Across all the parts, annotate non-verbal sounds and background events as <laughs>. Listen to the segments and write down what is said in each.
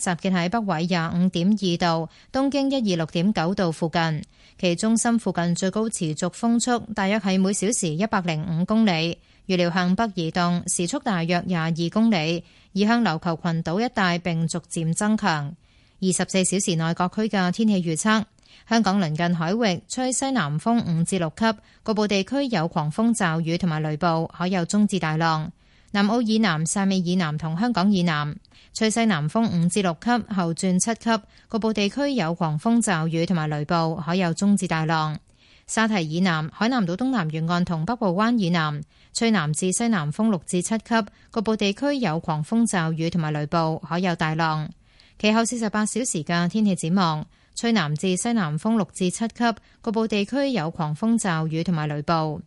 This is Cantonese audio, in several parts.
集結喺北緯廿五點二度、東經一二六點九度附近，其中心附近最高持續風速大約係每小時一百零五公里，預料向北移動，時速大約廿二公里，移向琉球群島一帶並逐漸增強。二十四小時內各區嘅天氣預測：香港鄰近海域吹西南風五至六級，局部地區有狂風驟雨同埋雷暴，海有中至大浪。南澳以南、汕尾以南同香港以南吹西南風五至六級，後轉七級，局部地區有狂風驟雨同埋雷暴，可有中至大浪。沙堤以南海南島東南沿岸同北部灣以南吹南至西南風六至七級，局部地區有狂風驟雨同埋雷暴，可有大浪。其後四十八小時嘅天氣展望：吹南至西南風六至七級，局部地區有狂風驟雨同埋雷暴。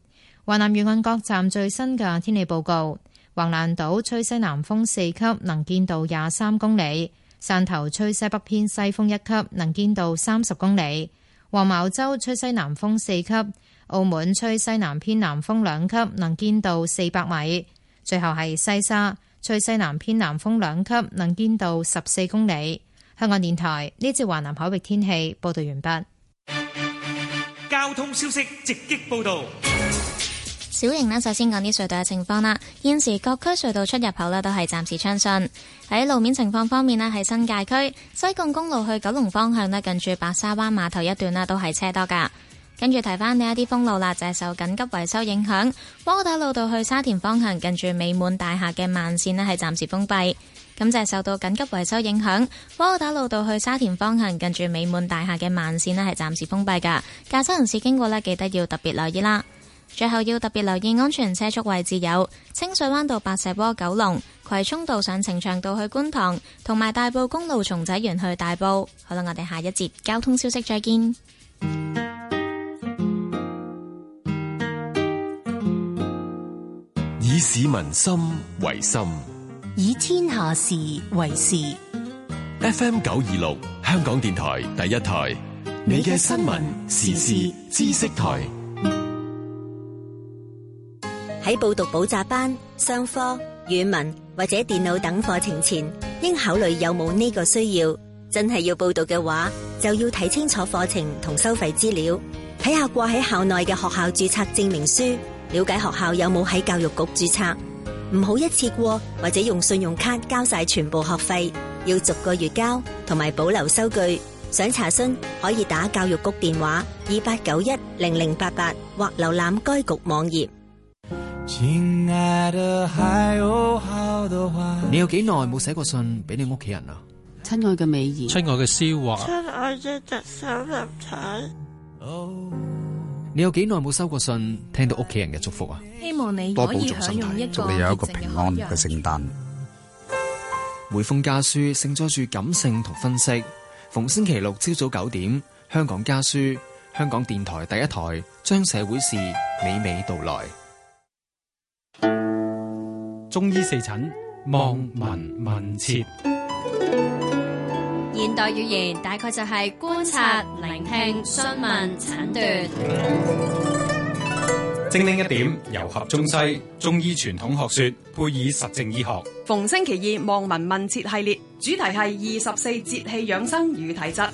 華南沿岸各站最新嘅天氣報告。橫瀾島吹西南風四級，能見度廿三公里；汕頭吹西北偏西風一級，能見度三十公里；黃茅洲吹西南風四級；澳門吹西南偏南風兩級，能見度四百米；最後係西沙吹西南偏南風兩級，能見度十四公里。香港電台呢次華南海域天氣報道完畢。交通消息直擊報道。小型呢，首先講啲隧道嘅情況啦。現時各區隧道出入口呢都係暫時暢順。喺路面情況方面呢，喺新界區西貢公路去九龍方向呢，近住白沙灣碼頭一段呢都係車多噶。跟住提翻呢一啲封路啦，就係受緊急維修影響，窩打老道去沙田方向近住美滿大廈嘅慢綫呢係暫時封閉。咁就係受到緊急維修影響，窩打老道去沙田方向近住美滿大廈嘅慢綫呢係暫時封閉噶。駕駛人士經過呢，記得要特別留意啦。最後要特別留意安全車速位置有清水灣道、白石波九龍、九龍葵涌道上、呈祥道去觀塘，同埋大埔公路松仔園去大埔。好啦，我哋下一節交通消息再見。以市民心為心，以天下事為事。FM 九二六香港電台第一台，你嘅新聞時事知識台。喺報讀補習班、商科、語文或者電腦等課程前，應考慮有冇呢個需要。真係要報讀嘅話，就要睇清楚課程同收費資料，睇下掛喺校內嘅學校注冊證明書，了解學校有冇喺教育局注冊。唔好一次過或者用信用卡交晒全部學費，要逐個月交，同埋保留收據。想查詢可以打教育局電話二八九一零零八八，或瀏覽該局網頁。親愛的，還有好多話。你有幾耐冇寫過信俾你屋企人啊？親愛的美儀，親愛的思華，親愛的想入彩。你有幾耐冇收過信？聽到屋企人嘅祝福啊？希望你多保重身體，祝你有一個平安嘅聖誕。每封家書承載住感性同分析。逢星期六朝早九點，香港家書，香港電台第一台，將社會事娓娓道來。中醫四診望聞問切，現代語言大概就係觀察、觀察聆聽、詢問、診斷斷。精靈一點，融合中西中醫傳統學說，配以實證醫學。逢星期二望聞問切系列，主題係二十四節氣養生與體質。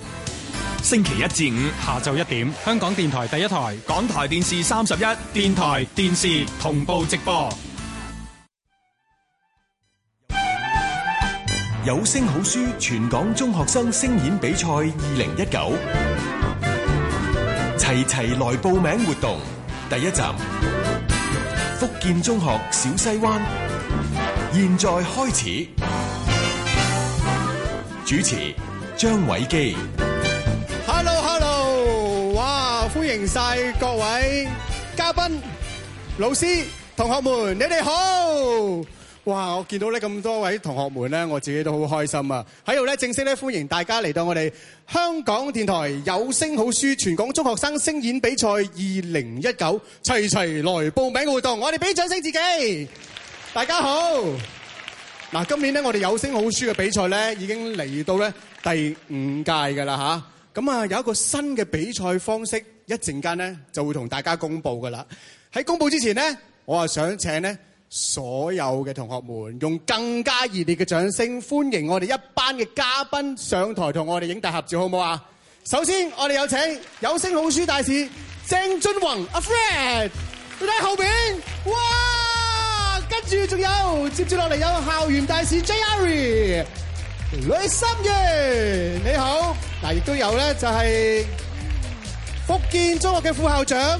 星期一至五下晝一點，香港電台第一台、港台電視三十一、電台電視同步直播。有聲好書全港中學生聲演比賽二零一九，齊齊來報名活動，第一站，福建中學小西灣，現在開始。主持張偉基。Hello Hello，哇，歡迎晒各位嘉賓、老師、同學們，你哋好。哇！我見到呢咁多位同學們呢，我自己都好開心啊！喺度呢正式呢歡迎大家嚟到我哋香港電台有聲好書全港中學生聲演比賽二零一九，齊齊來報名活動！我哋俾掌聲自己，大家好。嗱，今年呢我哋有聲好書嘅比賽呢已經嚟到呢第五屆㗎啦吓。咁啊有一個新嘅比賽方式，一陣間呢就會同大家公佈㗎啦。喺公佈之前呢，我啊想請呢所有嘅同學們，用更加熱烈嘅掌聲歡迎我哋一班嘅嘉賓上台同我哋影大合照，好唔好啊？首先，我哋有請有聲好書大使鄭俊宏，阿 Fred，你睇後面，哇！跟住仲有，接住落嚟有校園大使 Jarry，呂心嘅你好。嗱，亦都有咧，就係福建中學嘅副校長。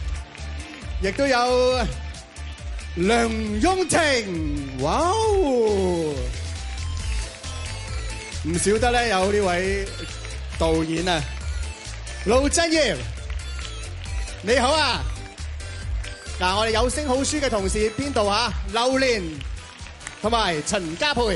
亦都有梁雍婷，哇、哦！唔少得咧，有呢位導演啊，盧振耀，你好啊！嗱，我哋有聲好書嘅同事編導啊，柳連同埋陳家培。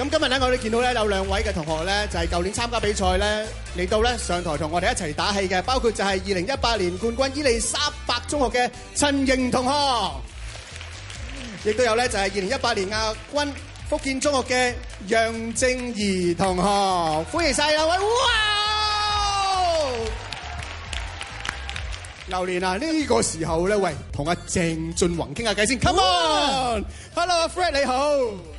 咁今日咧，我哋見到咧有兩位嘅同學咧，就係舊年參加比賽咧嚟到咧上台同我哋一齊打氣嘅，包括就係二零一八年冠軍伊利沙伯中學嘅陳瑩同學，亦都有咧就係二零一八年亞軍福建中學嘅楊正儀同學，歡迎晒兩位！哇！流年啊，呢個時候咧，喂，同阿鄭俊宏傾下偈先，Come on，Hello，Fred，你好。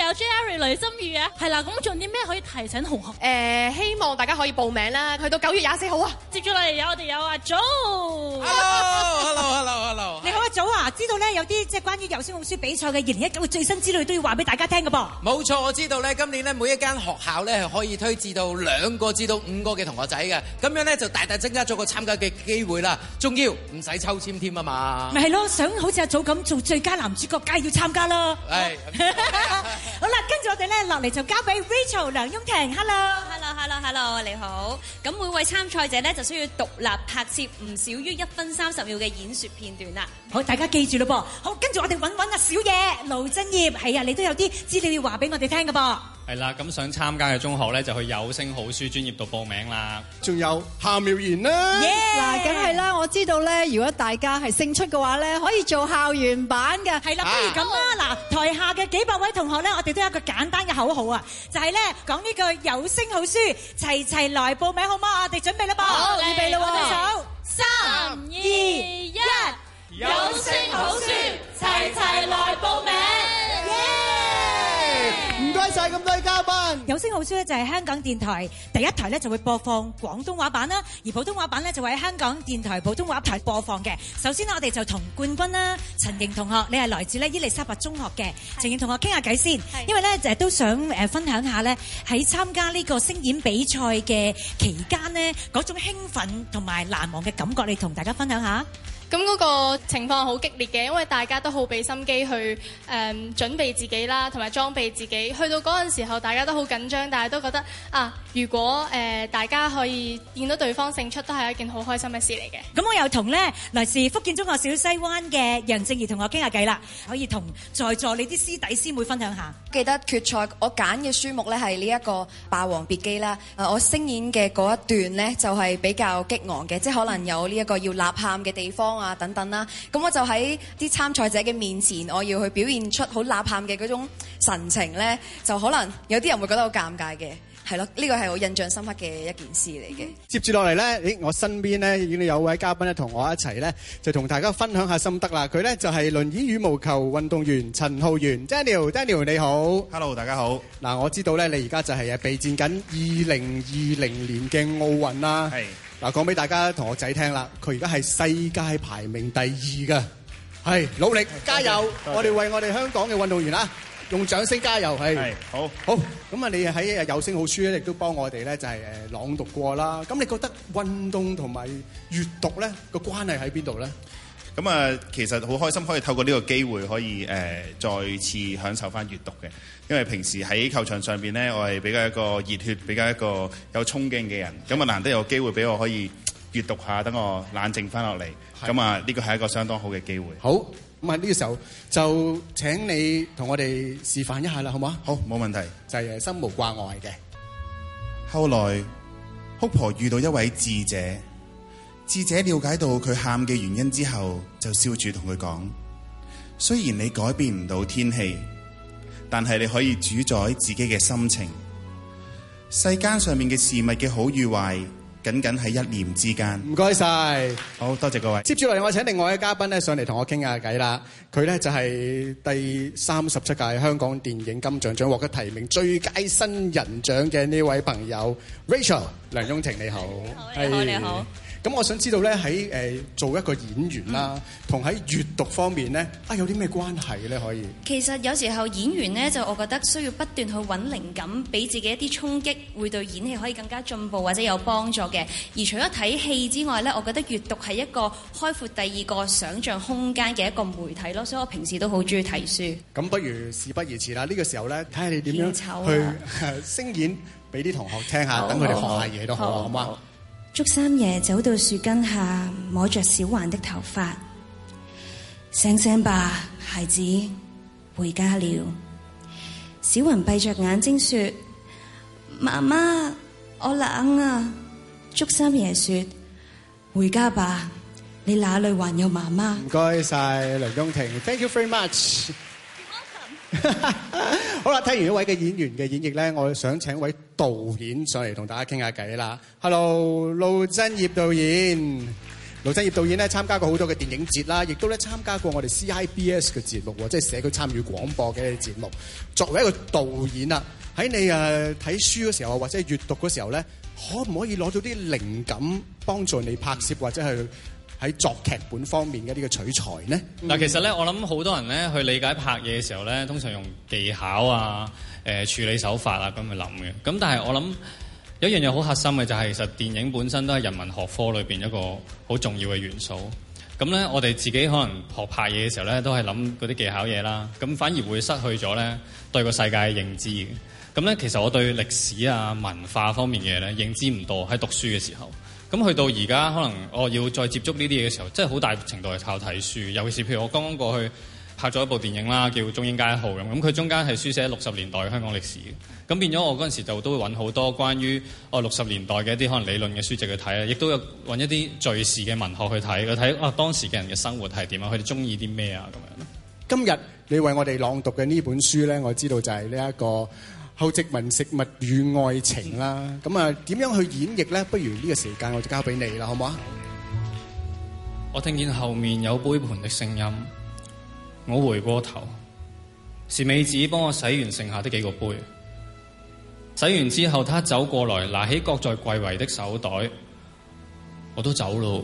有 Jerry 雷心雨啊，係啦，咁仲有啲咩可以提醒同學？誒、呃，希望大家可以報名啦，去到九月廿四號啊。接住落嚟有我哋有阿、啊、Joe。Hello，hello，hello，hello hello。Hello. <laughs> 早啊！知道咧有啲即係關於油先好書比賽嘅二零一九嘅最新資料都要話俾大家聽嘅噃。冇錯，我知道咧，今年咧每一間學校咧係可以推薦到兩個至到五個嘅同學仔嘅，咁樣咧就大大增加咗個參加嘅機會啦。仲要唔使抽籤添啊嘛。咪係咯，想好似阿祖咁做最佳男主角，梗係要參加咯。係。好啦，跟住我哋咧落嚟就交俾 Rachel 梁雍婷，Hello。hello，你好，咁每位參賽者咧就需要獨立拍攝唔少於一分三十秒嘅演說片段啦。好，大家記住咯噃。好，跟住我哋揾揾啊，小葉，盧真葉，係啊，你都有啲資料要話俾我哋聽㗎噃。係啦，咁想參加嘅中學咧，就去有聲好書專業度報名啦。仲有夏妙然啦，嗱，梗係啦，我知道咧，如果大家係勝出嘅話咧，可以做校園版嘅，係啦，不如咁啦，嗱，台下嘅幾百位同學咧，我哋都有一個簡單嘅口號啊，就係咧講呢句有聲好書，齊齊來報名，好嗎？我哋準備啦噃，預備啦喎，啲手，三二一，有聲好書，齊齊來報名。唔該晒，咁多位嘉賓。有聲好書咧就係香港電台第一台咧就會播放廣東話版啦，而普通話版咧就喺香港電台普通話台播放嘅。首先呢我哋就同冠軍啦，陳瑩同學，你係來自呢伊利沙伯中學嘅。陳瑩是同學傾下偈先，聊聊，是因為咧就都想誒分享下咧喺參加呢個聲演比賽嘅期間呢嗰種興奮同埋難忘嘅感覺，你同大家分享下。咁嗰個情況好激烈嘅，因為大家都好俾心機去誒、嗯、準備自己啦，同埋裝備自己。去到陣時候，大家都好緊張，但係都覺得啊，如果誒、呃、大家可以見到對方勝出，都係一件好開心嘅事嚟嘅。咁我又同咧來自福建中學小西灣嘅楊正儀同學傾下偈啦，可以同在座你啲師弟師妹分享一下。我記得決賽我揀嘅書目咧係呢一個《霸王別姬》啦，我聲演嘅一段咧就係、是、比較激昂嘅，即、就、係、是、可能有呢一個要呐喊嘅地方。啊，等等啦，咁我就喺啲參賽者嘅面前，我要去表現出好呐喊嘅嗰種神情咧，就可能有啲人會覺得好尷尬嘅，係咯，呢個係我印象深刻嘅一件事嚟嘅。接住落嚟咧，咦，我身邊咧已經有位嘉賓咧同我一齊咧，就同大家分享下心得啦。佢咧就係、是、輪椅羽毛球運動員陳浩源，Daniel，Daniel 你好，Hello，大家好。嗱，我知道咧你而家就係啊備戰緊2020年嘅奧運啦。係。Hey. 嗱，講俾大家同學仔聽啦，佢而家係世界排名第二㗎，係努力加油，謝謝謝謝，我哋為我哋香港嘅運動員啊，用掌聲加油係，好好咁啊！你喺有聲好書咧，亦都幫我哋咧就係誒朗讀過啦。咁你覺得運動同埋閱讀咧個關係喺邊度咧？咁啊，其實好開心，可以透過呢個機會可以誒再次享受翻閲讀嘅，因為平時喺球場上邊呢，我係比較一個熱血、比較一個有衝勁嘅人，咁啊的難得有機會俾我可以閲讀下，等我冷靜翻落嚟，咁啊呢個係一個相當好嘅機會。好，咁啊，呢個時候就請你同我哋示範一下啦，好唔好啊？好，冇問題，就係心無掛礙嘅。後來，哭婆遇到一位智者。智者了解到佢喊嘅原因之後，就笑住同佢講，雖然你改變唔到天氣，但係你可以主宰自己嘅心情。世間上面嘅事物嘅好與壞僅僅係一念之間。唔該晒，好多謝各位。接住嚟，我請另外一位嘉賓咧上嚟同我傾下偈啦。佢咧就係第三十七屆香港電影金像獎獲得提名最佳新人獎嘅呢位朋友，Rachel。梁雍婷，你好，你好你好，咁我想知道咧喺誒做一個演員啦，同喺、嗯、閱讀方面咧啊有啲咩關係咧可以？其實有時候演員咧就我覺得需要不斷去揾靈感，俾自己一啲衝擊，會對演戲可以更加進步或者有幫助嘅。而除咗睇戲之外咧，我覺得閱讀係一個開闊第二個想像空間嘅一個媒體咯。所以我平時都好中意睇書。咁不如事不宜遲啦，呢、呢個時候咧睇下你點樣去聲演。俾啲同學聽，聽好學下好，等佢哋學下嘢都好，好嗎？祝三爺走到樹根下，摸着小環的頭髮，醒醒吧，孩子，回家了。小雲閉着眼睛說：媽媽，我冷啊。祝三爺說：回家吧，你哪裏還有媽媽？唔該晒，梁冬庭，thank you very much。 <laughs> 好啦，聽完一位嘅演員嘅演繹咧，我想請一位導演上嚟同大家傾下偈啦。Hello，盧振業導演，盧振業導演咧參加過好多嘅電影節啦，亦都咧參加過我哋 CIBS 嘅節目，即係社區參與廣播嘅節目。作為一個導演啦，喺你誒睇書嘅時候或者閱讀嘅時候咧，可唔可以攞到啲靈感幫助你拍攝或者係。喺作劇本方面嘅呢個取材呢？嗱、嗯，其實咧，我諗好多人咧去理解拍嘢嘅時候咧，通常用技巧啊、呃、處理手法啊咁去諗嘅。咁但係我諗有一樣嘢好核心嘅，就係其實電影本身都係人文學科裏邊一個好重要嘅元素。咁咧，我哋自己可能學拍嘢嘅時候咧，都係諗嗰啲技巧嘢啦。咁反而會失去咗咧對個世界嘅認知。咁咧，其實我對歷史啊、文化方面嘅嘢咧認知唔多。喺讀書嘅時候。咁去到而家，可能我要再接觸呢啲嘢嘅時候，即係好大程度係靠睇書。尤其是譬如我剛剛過去拍咗一部電影啦，叫《中英街一號》咁。咁佢中間係書寫六十年代香港歷史，咁，變咗我嗰陣時就都會揾好多關於哦六十年代嘅一啲可能理論嘅書籍去睇，亦都有揾一啲敘事嘅文學去睇。佢睇啊當時嘅人嘅生活係點啊？佢哋中意啲咩啊？咁樣今日你為我哋朗讀嘅呢本書咧，我知道就係呢一個。後殖民食物與愛情啦，咁啊點樣去演繹呢？不如呢個時間我就交俾你啦，好唔好啊？我聽見後面有杯盤的聲音，我回過頭，是美子幫我洗完剩下的幾個杯。洗完之後，她走過來，拿起擱在櫃圍的手袋。我都走咯，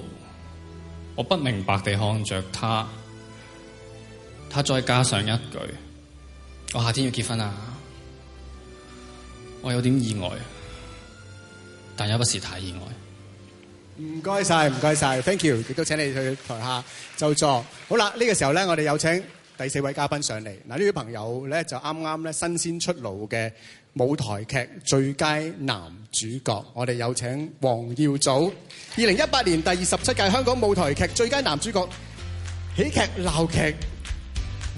我不明白地看著她。她再加上一句：我夏天要結婚啊！我有點意外，但也不是太意外。唔該晒，唔該晒，Thank you，亦都請你去台下就座。好啦，呢個時候咧，我哋有請第四位嘉賓上嚟。嗱，呢位朋友咧就啱啱咧新鮮出爐嘅舞台劇最佳男主角，我哋有請黃耀祖，二零一八年第二十七屆香港舞台劇最佳男主角喜劇鬧劇。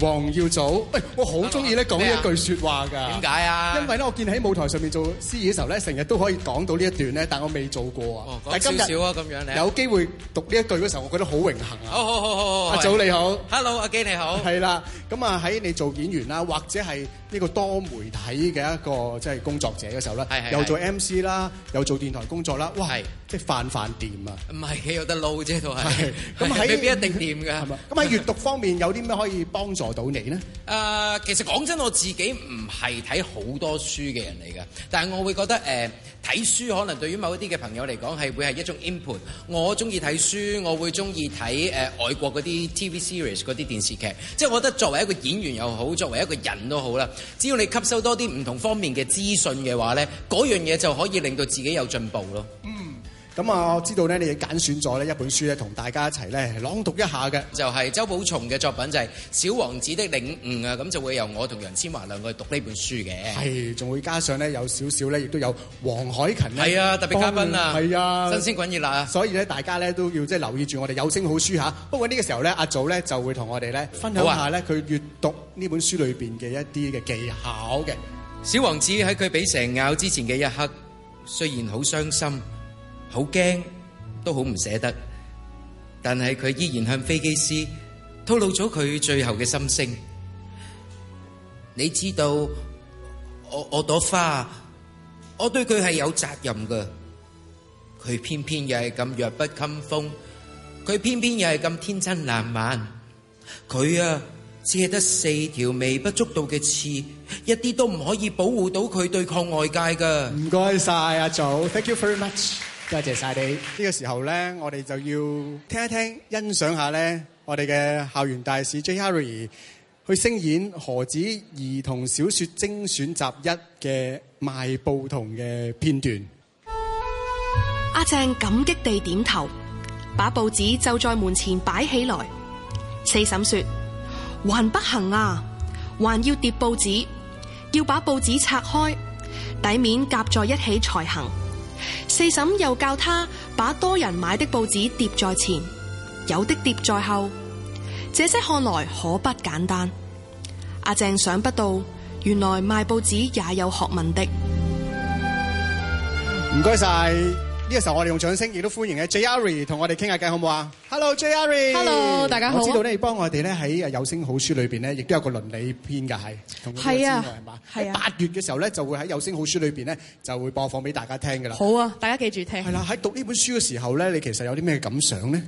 王耀祖，喂，我好中意咧講呢一句説話㗎。點解啊？因為咧，我見喺舞台上面做司儀嘅時候咧，成日都可以講到呢一段咧，但我未做過啊。講少少啊，咁樣你。有機會讀呢一句嗰時候，我覺得好榮幸啊。好好好好好，阿祖你好，Hello，阿基你好，係啦。咁啊，喺你做演員啦，或者係呢個多媒體嘅一個即係工作者嘅時候咧，又做 MC 啦，又做電台工作啦，哇，即係飯飯掂啊？唔係，有得撈啫都係。咁喺未必一定掂㗎，係嘛？咁喺閲讀方面有啲咩可以幫助？到你呢？呃，其實講真，我自己唔係睇好多書嘅人嚟嘅，但係我會覺得呃，睇書可能對於某一啲嘅朋友嚟講，係會係一種 input。我中意睇書，我會中意睇，呃，外國嗰啲 TV series 嗰啲電視劇，即係我覺得作為一個演員又好，作為一個人都好啦。只要你吸收多啲唔同方面嘅資訊嘅話，呢嗰樣嘢就可以令到自己有進步咯。嗯。咁啊，嗯，我知道咧，你揀選咗呢一本書咧，同大家一齊咧朗讀一下嘅，就係周寶松嘅作品，就係、是《小王子的領悟》啊。咁就會由我同楊千嬅兩個讀呢本書嘅，係，仲會加上咧有少少咧，亦都有黃海芹咧，係啊，特別嘉賓啊，係啊，新鮮滾熱辣啊！所以咧，大家咧都要即係留意住我哋有聲好書吓。不過呢個時候咧，阿祖咧就會同我哋咧分享下咧，佢閱讀呢本書裏邊嘅一啲嘅技巧嘅。啊，小王子喺佢俾蛇咬之前嘅一刻，雖然好傷心。好驚，都好唔捨得，但係佢依然向飛機師透露咗佢最後嘅心聲。你知道，我我朵花，我對佢係有責任噶。佢偏偏又係咁弱不禁風，佢偏偏又係咁天真爛漫。佢啊，只係得四條微不足道嘅刺，一啲都唔可以保護到佢對抗外界噶。唔該晒，阿祖，Thank you very much。多謝晒你！呢個時候咧，我哋就要聽一聽、欣賞下咧，我哋嘅校園大使 J. Harry 去聲演《何止兒童小説精選集一》嘅賣報童嘅片段。阿正感激地點頭，把報紙就在門前擺起來。四嬸說：還不行啊，還要疊報紙，要把報紙拆開，底面夾在一起才行。四嬸又教他把多人買的報紙疊在前，有的疊在後，這些看來可不簡單。阿正想不到，原來賣報紙也有學問的。唔該晒。呢個時候我哋用掌聲亦都歡迎喺 Jarry，同我哋傾下偈好唔好啊？Hello Jarry，Hello，大家好。我知道咧，你幫我哋咧喺誒有聲好書裏邊咧，亦都有個倫理篇㗎，係係啊，係嘛，係啊，八月嘅時候咧就會喺有聲好書裏邊咧就會播放俾大家聽㗎啦。好啊，大家記住聽。係啦，喺讀呢本書嘅時候咧，你其實有啲咩感想咧？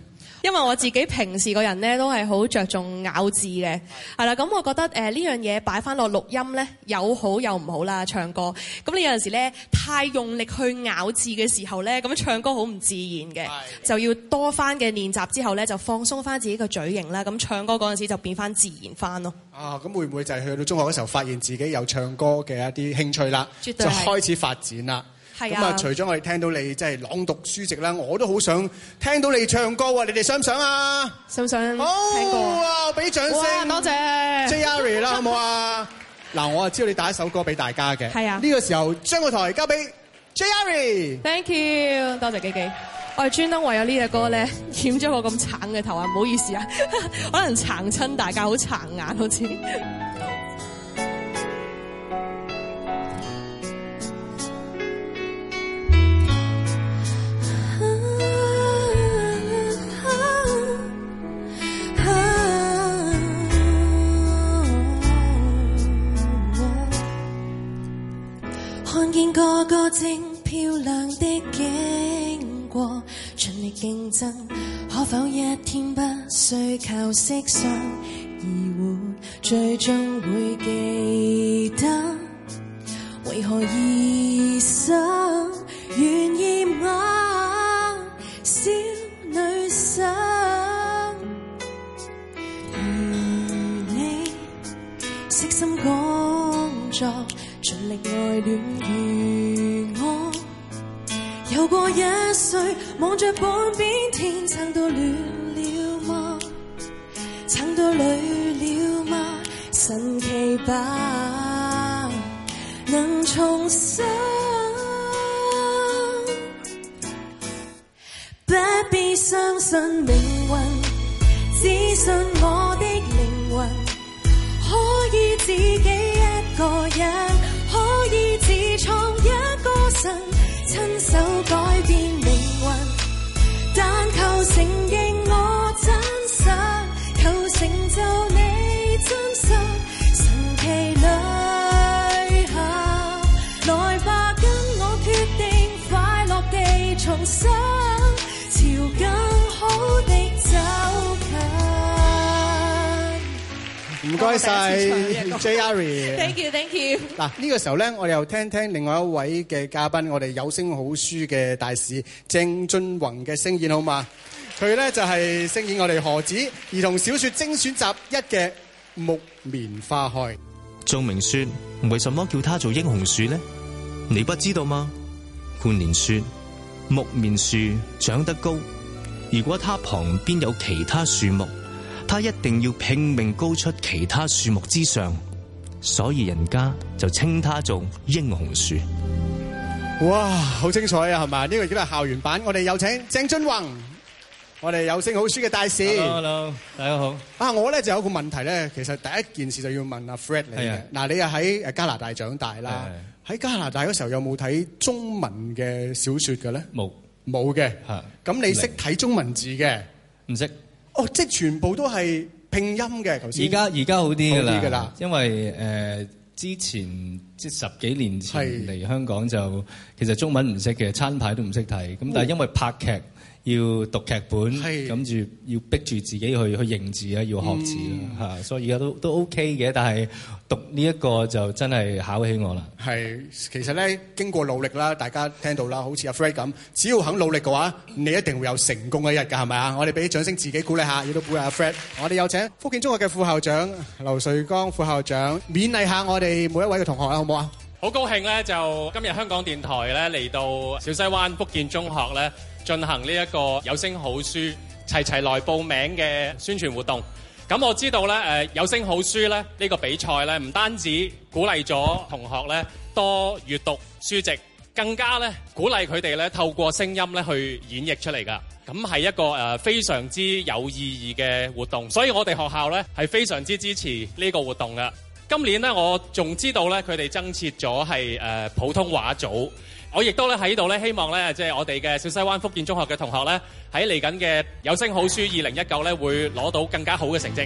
因為我自己平時個人咧都係好着重咬字嘅，係啦，咁 <noise> 我覺得誒、呃、呢樣嘢擺翻落錄音咧有好有唔好啦，唱歌咁你有陣時咧太用力去咬字嘅時候咧，咁唱歌好唔自然嘅。的就要多翻嘅練習之後咧就放鬆翻自己嘅嘴型啦，咁唱歌嗰陣時就變翻自然翻咯。啊，咁會唔會就係去到中學嗰時候發現自己有唱歌嘅一啲興趣啦，絕對就開始發展啦。咁啊！除咗我哋聽到你即係朗讀書籍啦，我都好想聽到你唱歌喎。你哋想唔想啊？想唔想好？好啊？俾掌聲，多謝，謝。Jarry 啦，好唔好啊？嗱，我啊知道你打一首歌俾大家嘅。係啊。呢個時候將個台交俾 Jarry。Thank you，多謝幾幾。我係專登為咗呢隻歌咧，染咗個咁鏟嘅頭啊！唔好意思啊， <laughs> 可能鏟親大家好鏟眼好似。 <laughs> 競爭，可否一天不需靠色相，而活？最終會記得，為何一生願意吻小女生？如你悉心工作，盡力愛戀我，如我有過一歲。望着半邊天，撐到亂了嗎？撐到累了嗎？神奇吧，能重生。不必相信命運，只信我的靈魂，可以自己一個人。多謝晒 Jarry。Thank you, thank you。嗱，呢個時候咧，我哋又聽聽另外一位嘅嘉賓，我哋有聲好書嘅大使鄭俊宏嘅聲演好嘛？佢咧就係聲演我哋《何子兒童小説精選集一》嘅《木棉花開》。仲明説：為什麼叫他做英雄樹呢？你不知道嗎？觀念説：木棉樹長得高，如果它旁邊有其他樹木。他一定要拼命高出其他樹木之上，所以人家就稱他做英雄樹。哇，好精彩啊，係嘛？呢、這個叫做校園版。我哋有請鄭俊弘，我哋有聲好書嘅大使。Hello, hello，大家好。啊，我咧就有個問題咧，其實第一件事就要問阿 Fred Yeah. 你。嗱，你又喺誒加拿大長大啦。喺 Yeah. 加拿大嗰時候有冇睇中文嘅小說嘅咧？冇 Yeah. 有，冇嘅。吓，咁你識睇中文字嘅？唔識。哦，即係全部都係拼音嘅，頭先。而家而家好啲㗎啦，因為誒、呃、之前即係十幾年前嚟香港就是其實中文唔識，其實餐牌都唔識睇，咁但係因為拍劇。哦要讀劇本，跟住要逼住自己去去認字啊，要學字啊，嚇！所以而家都都 OK 嘅，但係讀呢一個就真係考起我啦。係，其實咧經過努力啦，大家聽到啦，好似阿 Fred 咁，只要肯努力嘅話，你一定會有成功嘅一日㗎，係咪啊？我哋俾啲掌聲自己鼓勵下，亦都鼓勵阿 Fred。我哋有請福建中學嘅副校長劉瑞光副校長勉勵下我哋每一位嘅同學啦，好唔好啊？好高興咧，就今日香港電台咧嚟到小西灣福建中學咧。進行呢一個有聲好書齊齊來報名嘅宣傳活動。咁我知道呢，有聲好書呢、呢個比賽呢，唔單止鼓勵咗同學呢多閱讀書籍，更加呢鼓勵佢哋呢透過聲音呢去演繹出嚟噶。咁係一個誒、呃、非常之有意義嘅活動，所以我哋學校呢係非常之支持呢個活動㗎。今年呢，我仲知道呢，佢哋增設咗係誒普通話組。我亦都咧喺度咧，希望咧即係我哋嘅小西灣福建中學嘅同學咧，喺嚟緊嘅有聲好書二零一九咧，會攞到更加好嘅成績。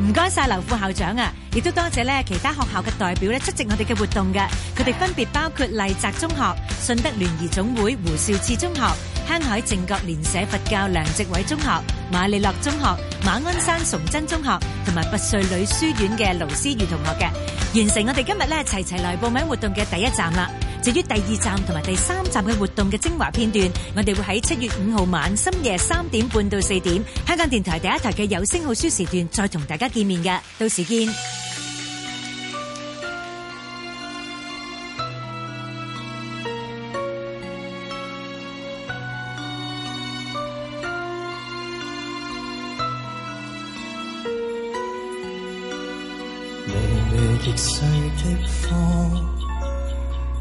唔該晒劉副校長啊，亦都多謝咧其他學校嘅代表咧出席我哋嘅活動嘅，佢哋分別包括麗澤中學、順德聯誼總會胡少熾中學、香海正覺蓮社佛教梁植偉中學、馬利諾中學、馬鞍山崇真中學同埋拔萃女書院嘅盧思如同學嘅，完成我哋今日咧齊齊來報名活動嘅第一站啦。至於第二站同埋第三站嘅活動嘅精華片段，我哋會喺七月五號晚深夜三點半到四點，香港電台第一台嘅有聲好書時段再同大家見面㗎，到時見。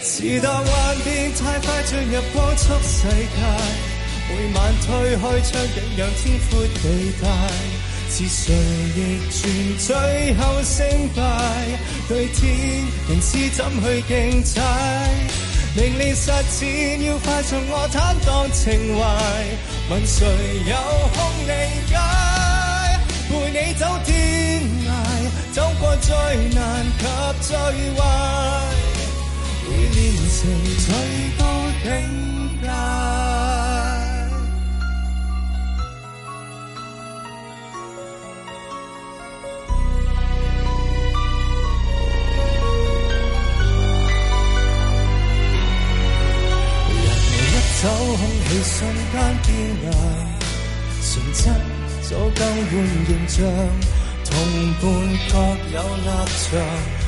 時代幻變太快，進入光速世界。每晚推開窗景，讓天闊地大。是誰亦轉最後勝敗？對天仍視，怎去競猜？名利實戰，要快從我坦蕩情懷？問誰有空理解？陪你走天涯，走過最難及最壞。完成最高境界。人一走，空氣瞬間變涼。前塵早就更換形象，同伴各有立場。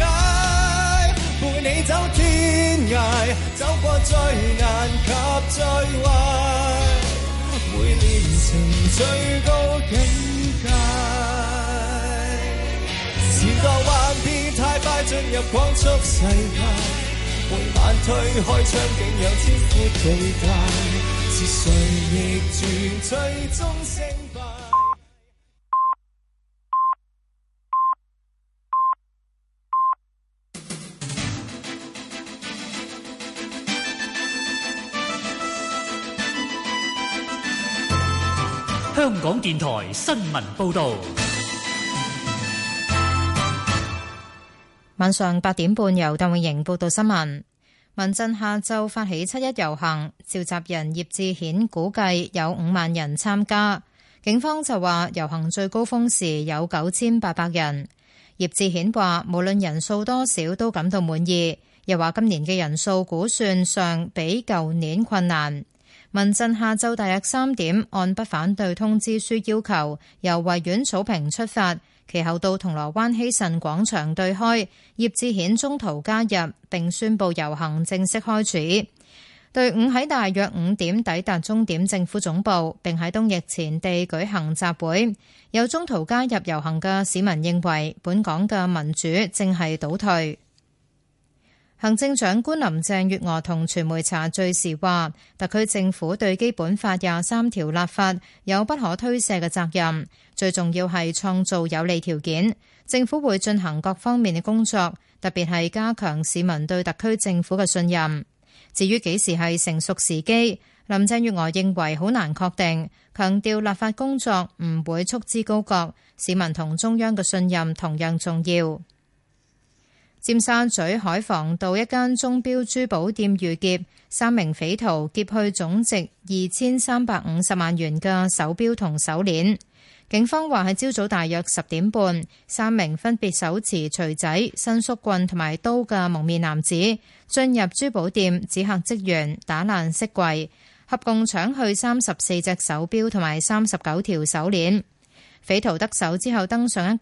你走天涯，走過最難及最壞，每煉成最高境界。時代 <music> 幻變太快，進入光速世界，每晚推開窗，竟有千呼地界。是誰逆轉最終勝？香港電台新聞報道，晚上八點半由鄧永盈報道新聞。民陣下晝發起七一遊行，召集人葉志顯估計有五萬人參加，警方就話遊行最高峰時有九千八百人。葉志顯話，無論人數多少都感到滿意，又話今年嘅人數估算上比舊年困難。民陣下晝大約三點，按不反對通知書要求，由維園草坪出發，其後到銅鑼灣希慎廣場對開。葉志顯中途加入，並宣布遊行正式開始。隊伍喺大約五點抵達終點政府總部，並喺東翼前地舉行集會。有中途加入遊行嘅市民認為，本港嘅民主正係倒退。行政長官林鄭月娥同傳媒茶敘時話，特區政府對《基本法》廿三條立法有不可推卸嘅責任，最重要係創造有利條件。政府會進行各方面嘅工作，特別係加強市民對特區政府嘅信任。至於幾時係成熟時機，林鄭月娥認為好難確定，強調立法工作唔會束之高閣，市民同中央嘅信任同樣重要。尖沙咀海防道一間鐘錶珠寶店遇劫，三名匪徒劫去總值二千三百五十萬元嘅手錶同手鏈。警方話喺朝早大約十點半，三名分別手持錘仔、伸縮棍同埋刀嘅蒙面男子進入珠寶店，指嚇職員打爛飾櫃，合共搶去三十四隻手錶同埋三十九條手鏈。匪徒得手之後登上一架。